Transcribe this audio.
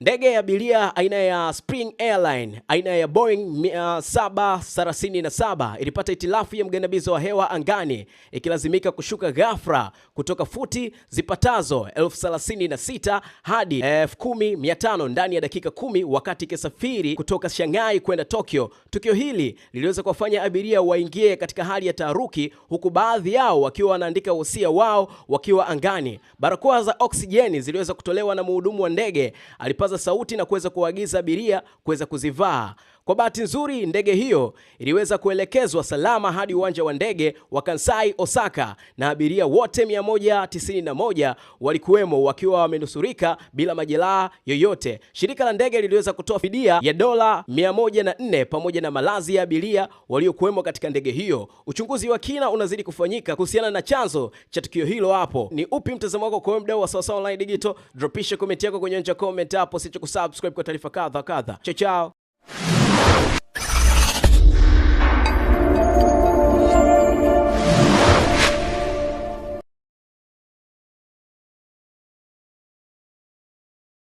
Ndege ya abiria aina ya Spring Airline aina ya Boeing 737 ilipata itilafu ya mgandamizo wa hewa angani ikilazimika kushuka ghafla kutoka futi zipatazo 1036 hadi 10500 ndani ya dakika kumi wakati ikisafiri kutoka Shanghai kwenda Tokyo. Tukio hili liliweza kuwafanya abiria waingie katika hali ya taharuki, huku baadhi yao wakiwa wanaandika wosia wao wakiwa angani. Barakoa za oksijeni ziliweza kutolewa na mhudumu wa ndege alipa kipaza sauti na kuweza kuagiza abiria kuweza kuzivaa. Kwa bahati nzuri, ndege hiyo iliweza kuelekezwa salama hadi uwanja wa ndege wa Kansai Osaka, na abiria wote 191 walikuwemo wakiwa wamenusurika bila majeraha yoyote. Shirika la ndege liliweza kutoa fidia ya dola 104 pamoja na malazi ya abiria waliokuwemo katika ndege hiyo. Uchunguzi wa kina unazidi kufanyika kuhusiana na chanzo cha tukio hilo. Hapo ni upi mtazamo wako kwa mdau wa Sawasawa Online Digital? Dropisha comment yako kwenye comment hapo, sicho kusubscribe kwa taarifa kadha kadha. Chao chao.